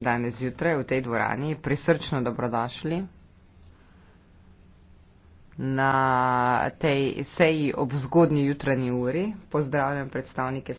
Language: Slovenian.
danes zjutraj v tej dvorani. Prisrčno dobrodošli na tej seji ob zgodnji jutranji uri. Pozdravljam predstavnike.